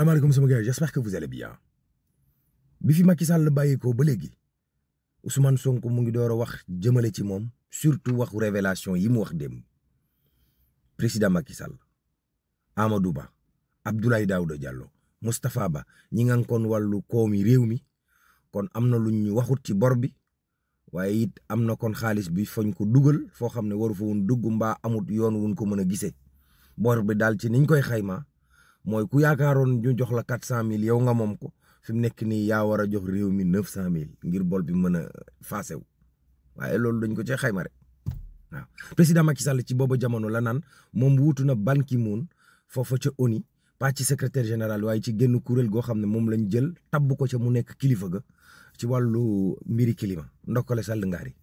asalaamaaleykum sama gars j'espère que vous allez bien bi fi Macky Sall bàyyeekoo ba léegi Ousmane Sonko mu ngi door a wax jëmale ci moom surtout waxu révélation yi mu wax dém président Macky Sall Amadou Ba Abdoulaye Daouda Diallo Moustapha Ba ñi nga kon wàllu koomi réew mi kon am na lu ñu waxut ci bor bi waaye it am na kon xaalis bi fañ ko dugal foo xam ne waru fa wun dugg mbaa amut yoon wuñ ko mën a gisee bor daal ci niñ koy xayma mooy ku yaakaaroon ñu jox la quatre cent mille yow nga moom ko fi mu nekk nii yaa a jox réew mi neuf cent mille ngir bor bi mën a faase wu waaye loolu dañ ko cee xayma rek waaw président Macky Sall ci booba jamono la naan moom wuutu na Ban Ki-moon foofa ca ONU pas ci secretaire général waaye ci génn kuréel goo xam ne moom lañ jël tabb ko ca mu nekk kilifa ga ci wàllu mbiri climat ndokkale Sall ngaari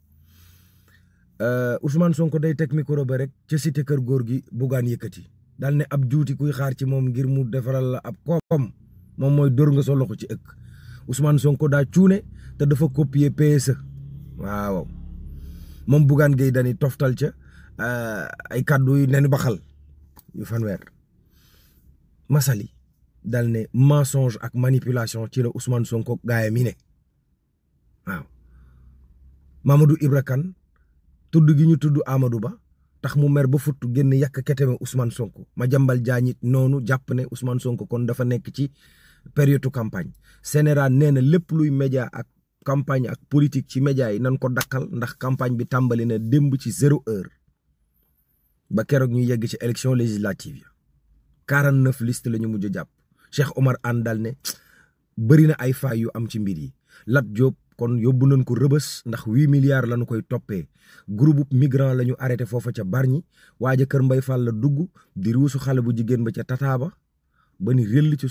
euh, Ousmane Sonko day teg micro ba rek ca cité kër góor gi buggaan yëkkati dal ne ab juuti kuy xaar ci moom ngir mu defaral la ab koom moom mooy dóor nga solo loxo ci ëkk Ousmane Sonko daa cuune te dafa copier PSE waaw moom Bougane Gueye Dany toftal ca eh, ay kàddu yu nenu baxal yu fanweer Massaly dal ne mensonge ak manipulation ci la usmaan Sonko gaaya mi ne waaw Mamadou Ibra Kane tudd gi ñu tudd Amadou Ba tax mu mer ba fut génn yàq keteme Ousmane Sonko ma jàmbal jaañit noonu jàpp ne Ousmane Sonko kon dafa nekk ci période campagne Sénéral nee na lépp luy média ak campagne ak politique ci média yi nan ko dakkal ndax campagne bi tàmbali na démb ci zéro heure ba keroog ñu yegg ci élection législative yi 49 liste la ñu mujj jàpp Cheikh Omar Anne daal ne bëri na ay faay yu am ci mbir yi Lat kon yóbbu nañ ko rëbës ndax huit milliards la ñu koy toppee groupe migrant la ñu arrêté foofa ca Bargny waaja kër Mbay Fall la dugg di ruusu xale bu jigéen ba ca Tataaba ba ni rëll ci